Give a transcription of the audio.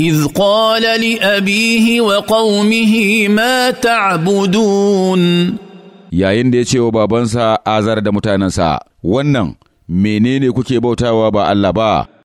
إذ قال لأبيه وقومه ما تعبدون yayin da ya ce wa babansa azar da mutanensa wannan menene kuke bautawa ba Allah ba